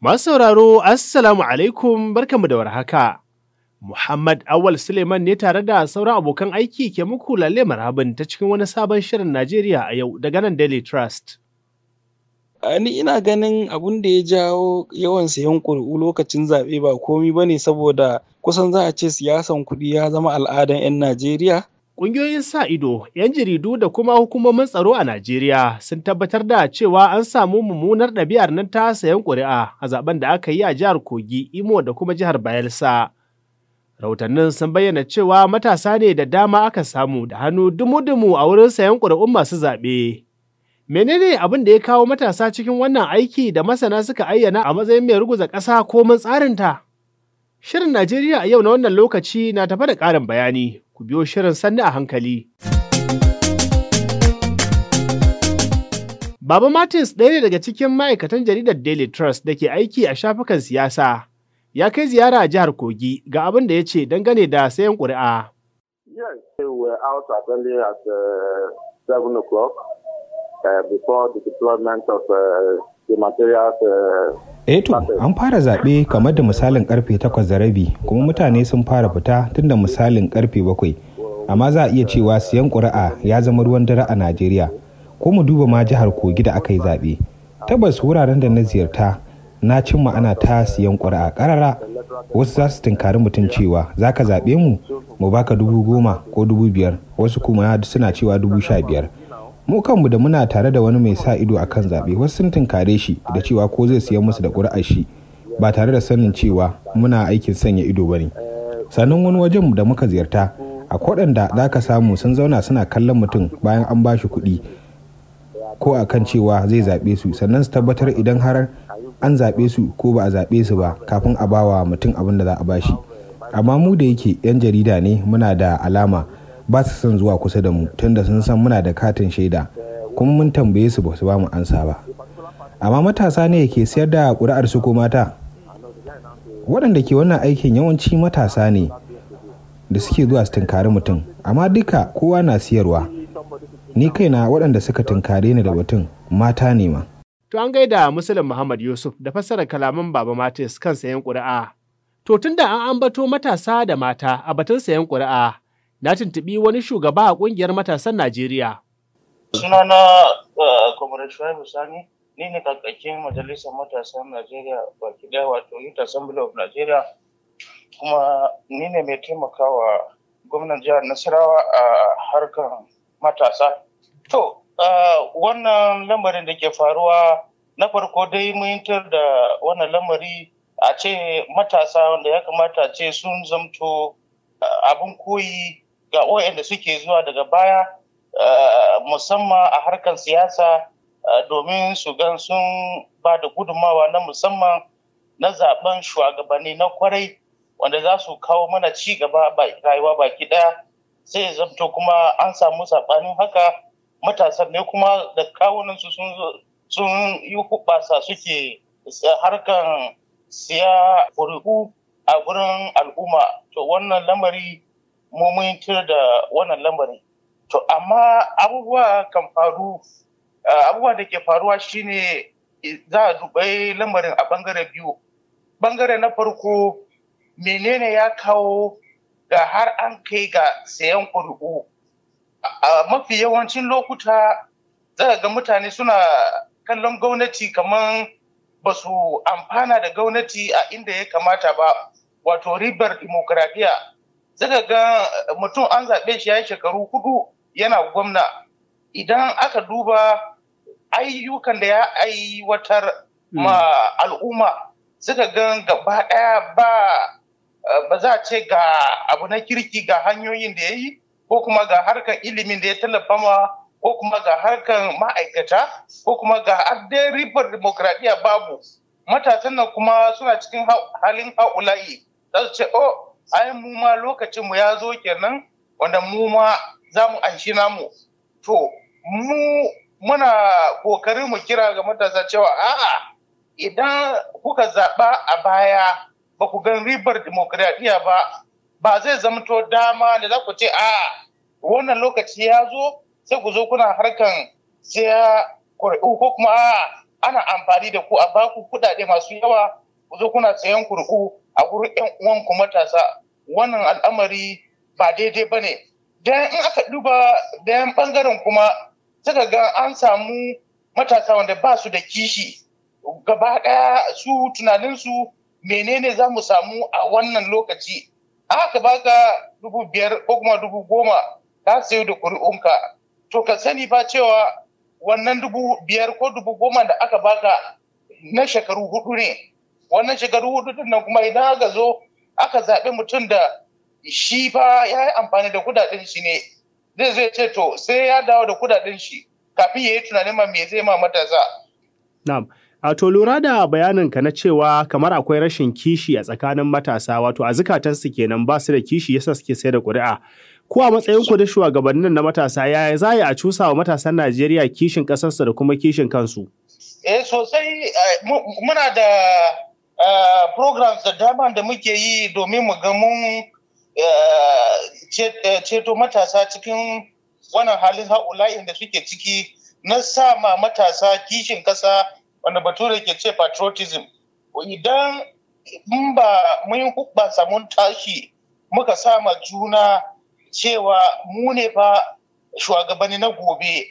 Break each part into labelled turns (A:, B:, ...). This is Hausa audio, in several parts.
A: Masu sauraro, Assalamu alaikum barkanmu da warhaka. Muhammad Awal Suleiman ne tare da sauran abokan aiki ke muku lalle marhabin ta cikin wani sabon shirin Najeriya a yau daga nan Daily Trust.
B: Ni ina ganin abun da ya jawo yawan sayan ƙuri'u lokacin zaɓe ba komi ba ne saboda kusan za a ce siyasan kuɗi ya zama al'adan 'yan Najeriya. Ƙungiyoyin sa ido, 'yan jaridu da kuma hukumomin tsaro a Najeriya sun tabbatar da
A: cewa an samu mummunar ɗabi'ar nan ta sayan ƙuri'a a zaben da aka yi a jihar Kogi, Imo da kuma jihar Bayelsa. Rahotannin sun bayyana cewa matasa ne da dama aka samu da hannu dumu-dumu a wurin sayan ƙuri'un masu zaɓe. Menene abin da ya kawo matasa cikin wannan aiki da masana suka ayyana a matsayin mai ruguza ƙasa ko mun tsarinta? Shirin Najeriya a yau na wannan lokaci na tafa da ƙarin bayani, ku biyo shirin sannu a hankali. Baba Martins ɗaya ne daga cikin ma'aikatan jaridar Daily Trust da ke aiki a shafukan siyasa. Ya kai ziyara a jihar Kogi ga abin da ya ce dangane da sayan ƙuri'a.
C: Yes, 7 uh, uh, the Eto eh, eh an fara zaɓe
D: kamar da misalin karfe takwas da rabi kuma mutane sun fara fita tun da misalin karfe bakwai amma za a iya cewa siyan ƙuri'a ya zama ruwan dare a Najeriya ko mu duba ma jihar Kogi da aka yi zaɓe tabbas wuraren da na ziyarta na cimma ana ta siyan ƙuri'a ƙarara wasu za su tunkari mutum cewa za ka zaɓe mu mu baka dubu goma ko dubu biyar wasu kuma suna cewa dubu sha biyar mu kanmu da muna tare da wani mai sa ido a kan zaɓe wasu sun tunkare shi da cewa ko zai siyan musu da ƙuri'ar shi ba tare da sanin cewa muna aikin sanya ido ba ne sannan wani wajen da muka ziyarta a waɗanda za ka samu sun zauna suna kallon mutum bayan an ba shi kuɗi ko a kan cewa zai zaɓe su sannan su tabbatar idan har an zaɓe su ko ba a zaɓe su ba kafin a bawa mutum abin da za a ba shi amma mu da yake 'yan jarida ne muna da alama ba su son zuwa kusa da mu tunda sun san muna da katin shaida kuma mun tambaye su ba su ba mu ansa ba amma matasa ne ke siyar da ƙuri'ar su ko mata waɗanda ke wannan aikin yawanci matasa ne da suke zuwa su tunkari mutum amma duka kowa na siyarwa ni kaina waɗanda suka tunkare ni da mutum mata ne ma
A: to an gaida musulun muhammad yusuf da fassara kalaman baba matis kan sayan ƙuri'a to tunda an ambato matasa da mata a batun sayan ƙuri'a na tuntuɓi wani shugaba a ƙungiyar matasan Najeriya.
C: Sunana uh, Comrade Shuaibu Sani, ni ne kakakin Majalisar Matasan Najeriya baki ɗaya wato Youth Assembly of Nigeria, kuma ni ne mai taimakawa gwamnan jihar Nasarawa a harkar matasa. To, uh, wannan lamarin da ke faruwa na farko dai mun da wannan lamari a ce matasa wanda ya kamata ce sun zamto uh, abin koyi ga waɗanda suke zuwa daga baya eh, musamman a harkar siyasa eh, domin su gan sun ba da gudunmawa na musamman na zaben shugabanni na kwarai wanda za su kawo mana ci gaba rayuwa baki ɗaya sai ya zamto kuma an samu saɓanin haka matasan ne kuma da kawunan su sun yi hubasa suke eh, harkar siya kuri'u a gurin al'umma to wannan lamari mu mun da wannan lamarin, to amma abubuwa kan faru eh, abubuwa da ke faruwa shine eh, za a dubai lamarin a bangare biyu bangare na farko menene ya kawo ga har an kai ga sayan ƙuri'u a mafi yawancin lokuta za ga mutane suna kallon gwamnati kamar ba su amfana da gwamnati a inda ya kamata ba wato ribar dimokuraɗiyya zaka ga mutum an zaɓe shi ya yi shekaru hudu yana gwamna idan aka duba ayyukan da ya aiwatar hmm. ma al'umma suka gan gaba ɗaya ba ba za a ce ga abu na kirki ga hanyoyin da ya yi ko kuma ga harkar ilimin da ya tallafa ma ko kuma ga harkar ma'aikata ko kuma ga adden ribar demokradiyya babu matasan nan kuma suna cikin halin haulayi za su ce oh ai mu ma lokacin mu ya zo kenan wanda mu ma za mu anshi namu to mu muna kokarin mu kira ga matasa cewa a'a idan kuka zaɓa a baya ba ku gan ribar demokradiyya ba ba zai zamto dama da za ku ce a wannan lokaci ya zo sai ku zo kuna harkan sai kuri'u ko kuma a ana amfani da ku a baku kuɗaɗe masu yawa ku zo kuna tsayen kurku a gurin yan uwanku matasa wannan al'amari ba daidai ba ne Da in aka duba dayan bangaren kuma suka ga an samu matasa wanda ba su da kishi gaba ɗaya su tunanin su menene za mu samu a wannan lokaci aka baka dubu biyar ko kuma dubu goma ka sayo da kuri'unka to ka sani ba cewa wannan dubu biyar ko dubu goma da aka baka na shekaru hudu ne wannan shekaru hudu din nan kuma idan aka zo aka zaɓi mutum da shi fa ya yi amfani da kudaden shi ne zai zai ce to sai ya dawo da kudaden shi kafin ya yi tunanin ma me zai ma matasa.
A: Na'am. A to lura da bayanin ka na cewa kamar akwai rashin kishi a tsakanin matasa wato a su kenan ba su da kishi yasa suke sai da ƙuri'a. Ko a matsayin ku da shugabannin na matasa ya za a cusa wa matasan Najeriya kishin ƙasarsa da kuma kishin kansu?
C: Eh sosai eh, muna da Eh, programs da dama da muke yi domin mu ga mun eh, eh, ceto matasa cikin wannan halin haulayin da suke ciki na sa ma matasa kishin kasa wanda bature ke ce patriotism idan in ba mun hukba samun tashi muka sa ma juna cewa mu ne fa shugabanni na gobe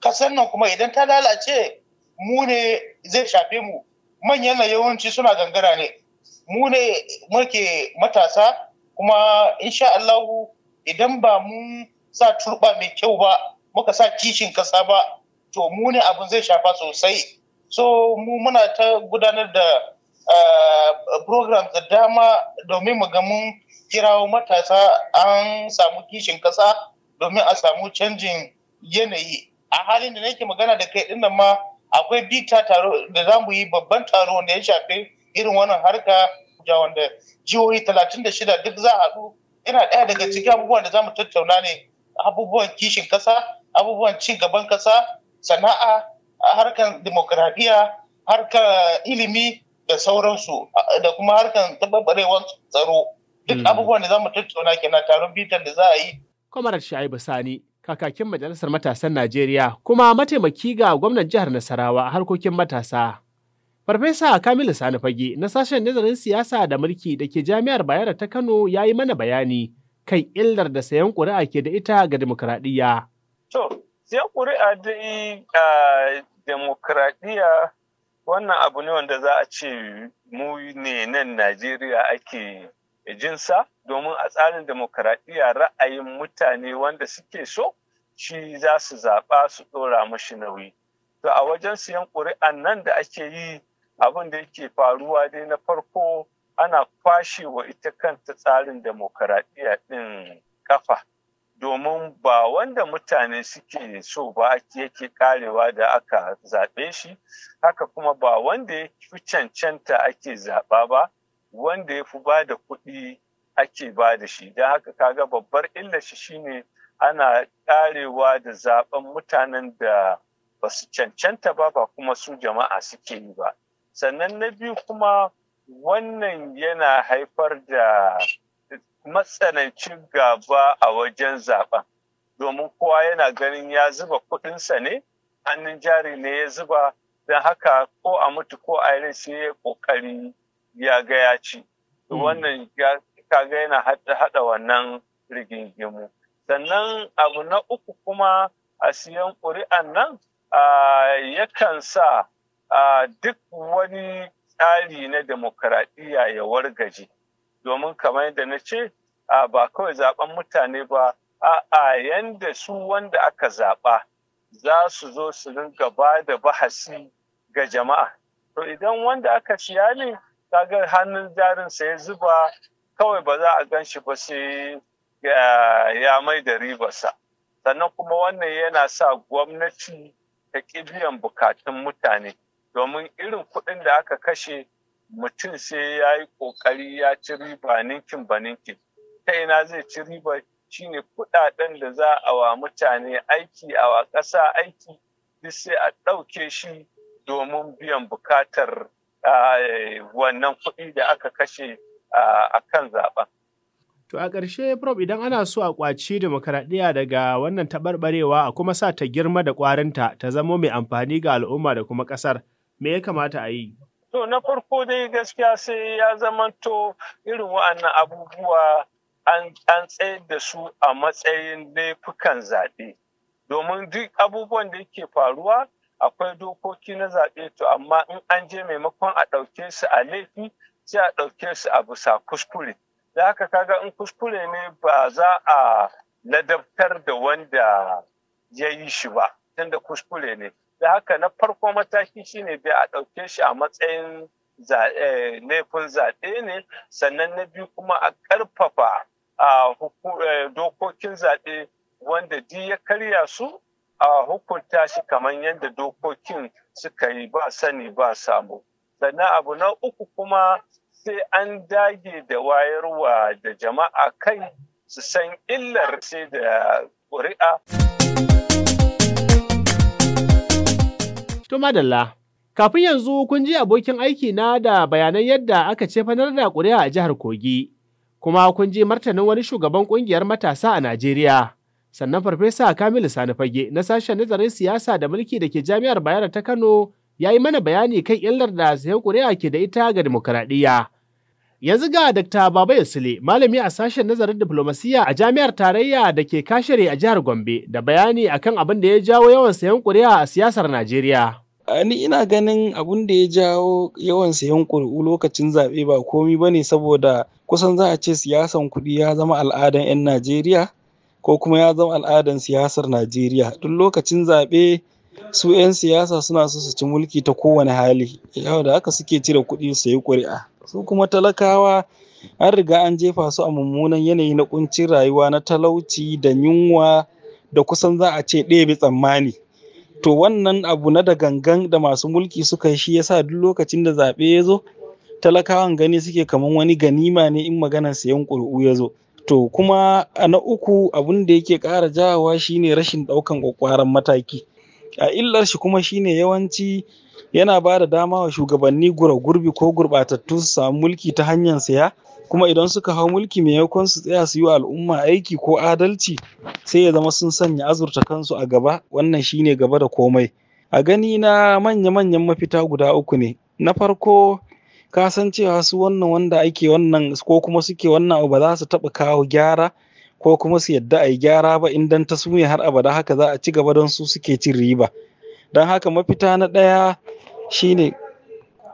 C: kasan nan kuma idan ta lalace mu ne zai shafe mu manyan na yawanci suna gangara ne mu ne muke matasa kuma insha Allahu idan ba mu sa turba mai kyau ba muka sa kishin kasa ba to mu ne abin zai shafa sosai so mu muna ta gudanar da eh, program da dama domin mu ga mun kirawo matasa an samu kishin kasa domin a samu canjin yanayi a halin da nake magana da kai dinnan ma akwai bita taro da za mu yi babban taro wanda ya shafi irin wannan harka ja wanda jihohi talatin shida duk za a haɗu yana ɗaya daga cikin abubuwan da za mu tattauna ne abubuwan kishin ƙasa abubuwan ci gaban ƙasa sana'a harkan demokradiyya harkar ilimi da sauransu da kuma harkan taɓarɓarewar tsaro duk hmm. abubuwan da za mu tattauna kenan taron bitan da za a yi.
A: Kwamarar Shaibu Sani kakakin Majalisar Matasan Najeriya kuma mataimaki ga gwamnan jihar Nasarawa a harkokin matasa. Farfesa Kamilu Sani Fage na sashen nazarin siyasa da mulki da ke Jami'ar Bayero ta Kano ya yi mana bayani kan illar da sayan ƙuri'a ke da ita ga demokuraɗiyya.
E: To, sayan ƙuri'a dai a demokuraɗiyya wannan abu ne wanda za a ce mu ne nan Najeriya ake jinsa domin a tsarin demokaradiyya ra'ayin mutane wanda suke so shi za su zaɓa su ɗora mashi nauyi. To a wajen siyan ƙuri'an nan da ake yi abin da yake faruwa dai na farko ana kwashe wa ita kanta tsarin demokaradiyya ɗin kafa domin ba wanda mutane suke so ba yake karewa da aka zaɓe shi haka kuma ba wanda ya fi cancanta ake zaɓa ba wanda ya fi ba da kuɗi ake ba da shi don haka kaga babbar illar shi shine ana karewa da zaben mutanen da ba su cancanta ba ba kuma su jama'a suke yi ba sannan na biyu kuma wannan yana haifar da matsanancin gaba a wajen zaben domin kowa yana ganin ya zuba kuɗinsa ne hannun jari ne ya zuba don haka ko a mutu ko a yi sai ya kokari ya gaya ya ci hmm. wannan kaga yana haɗa wannan rigingimu sannan abu na uku kuma a siyan ƙuri'an nan yakan sa duk wani tsari na demokradiyya ya wargaji. domin kamar yadda na ce ba kawai zaben mutane ba a yanda su wanda aka zaɓa za su zo su ringa ba da bahasi ga jama'a to idan wanda aka siya ne kaga hannun jarinsa ya zuba kawai ba za a gan shi ba sai ya mai da ribarsa sannan kuma wannan yana sa gwamnati ta ƙi biyan bukatun mutane domin irin kuɗin da aka kashe mutum sai ya yi ƙoƙari ya ci riba ninkin ba ninkin ta ina zai ci riba shi ne kuɗaɗen da za a wa mutane aiki a wa ƙasa aiki duk sai a ɗauke shi domin biyan bukatar wannan kuɗi da aka kashe a kan zaɓen
A: To a ƙarshe Prof idan ana so a ƙwaci demokaradiyya daga wannan taɓarɓarewa a kuma sa ta girma da ƙwarinta ta zama mai amfani ga al'umma da kuma ƙasar, me ya kamata a yi?
E: To na farko dai gaskiya sai ya zama to irin wa'annan abubuwa an tsayar da su a matsayin laifukan zaɓe. Domin duk abubuwan da yake faruwa akwai dokoki na zaɓe to amma in an je maimakon a ɗauke su a laifi sai a ɗauke su a bisa kuskure. da haka kaga in kuskure ne ba za a ladabtar da wanda ya yi shi ba tunda kuskure ne da haka na farko mataki shine da a ɗauke shi a matsayin eh, laifin zaɓe ne sannan na biyu kuma a ƙarfafa eh, dokokin zaɓe wanda di ya karya su a hukunta shi kamar yadda dokokin suka yi ba sani ba samu sannan abu na uku kuma sai an dage da wayarwa da jama'a kai su san illar sai da ƙuri'a.
A: To madalla, kafin yanzu kun ji abokin aiki na da bayanan yadda aka ce fanar da ƙuri'a a jihar Kogi, kuma kun ji martanin wani shugaban ƙungiyar matasa a Najeriya. Sannan Farfesa Kamilu Sani Fage na sashen nazarin siyasa da mulki da ke Jami'ar Bayero ta Kano ya yi mana bayani kan illar da sayan ƙuri'a ke da ita ga demokaradiyya. Yanzu ga Dr. Baba Sule, malami a sashen nazarin diflomasiya a jami'ar tarayya da ke kashere a jihar Gombe da bayani akan abin da ya jawo yawan sayan kuri'a a siyasar Najeriya. Ni ina
B: ganin abin da ya jawo yawan sayan kuri'u lokacin zaɓe ba komi ba ne saboda kusan za a ce siyasan kuɗi ya zama al'adan 'yan Najeriya ko kuma ya zama al'adan siyasar Najeriya. Duk lokacin zaɓe su ‘yan siyasa suna so su ci mulki ta kowane hali Yau da haka suke cire kuɗi su yi ƙuri'a su kuma talakawa an riga an jefa su a mummunan yanayi na ƙuncin rayuwa na talauci da yunwa da kusan za a ce ɗebe tsammani to wannan abu na da gangan da masu mulki suka yi shi yasa duk lokacin da zaɓe ya zo talakawan gani suke kamar wani ganima ne in maganar siyan ƙuri'u ya zo to kuma a na uku abin da yake ƙara jawawa shine rashin ɗaukan ƙwaƙwaran mataki a illar shi kuma shine yawanci yana ba da dama wa shugabanni gura gurbi ko gurbatattu su samu mulki ta hanyar saya kuma idan suka hau mulki maimakon su tsaya su yi wa al'umma aiki ko adalci sai ya zama sun sanya azurta kansu a gaba wannan shine gaba da komai a gani na manya-manyan mafita guda uku ne na farko kasancewa su wannan wanda ake wannan ko kuma suke wannan ba za su taɓa kawo gyara ko kuma su yadda a yi gyara ba in ta sune har abada haka za a ci gaba don su suke cin riba don haka mafita na ɗaya shine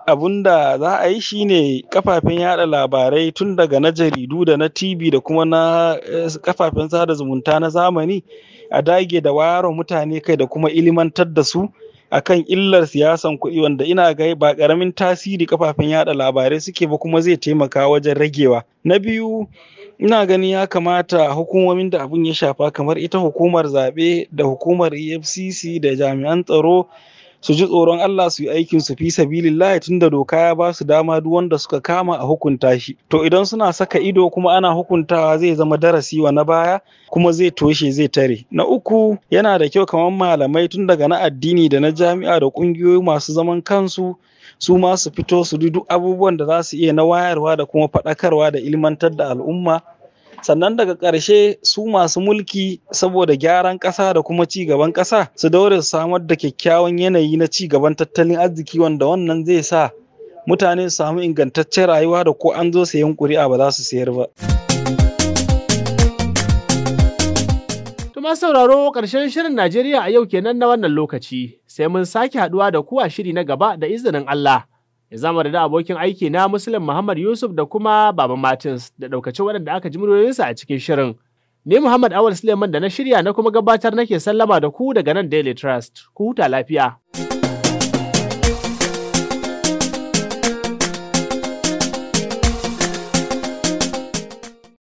B: abun da za a yi shine kafafen yada labarai tun daga na jaridu da na tv da kuma na eh, kafafen sada zumunta na zamani a dage da wayarwa mutane kai da kuma ilimantar da su akan illar siyasan kuɗi wanda ina ga ba ƙaramin tasiri kafafen yada labarai suke ba kuma zai taimaka wajen ragewa na biyu ina ganin ya kamata hukumomin da abin ya shafa kamar ita hukumar zaɓe da hukumar efcc da jami'an tsaro su ji tsoron Allah su yi aikin su fi sabilillah tunda doka ya ba su dama duk wanda suka kama a hukunta shi to idan suna saka ido kuma ana hukuntawa zai zama darasi wa na baya kuma zai toshe zai tare na uku yana da kyau kamar malamai tun daga na addini da na jami'a da kungiyoyi masu zaman kansu su ma su fito su duk abubuwan da za su iya na wayarwa da kuma faɗakarwa da ilmantar da al'umma sannan daga ƙarshe su masu mulki saboda gyaran ƙasa da kuma ci gaban ƙasa su daure su samar da kyakkyawan yanayi na ci gaban tattalin arziki wanda wannan zai sa mutane su samu ingantaccen rayuwa da ko an zo sayan ƙuri'a ba za su sayar ba.
A: Tuma sauraro ƙarshen shirin Najeriya a yau kenan na wannan lokaci sai mun sake haɗuwa da kuwa shiri na gaba da izinin Allah. ya zama da abokin aiki na Muslim Muhammad Yusuf da kuma Baba Martins da ɗaukacin waɗanda aka ji muryoyinsa a cikin shirin. Ni Muhammad Awal Suleiman da na shirya na kuma gabatar nake sallama da ku daga nan Daily Trust. Ku huta lafiya.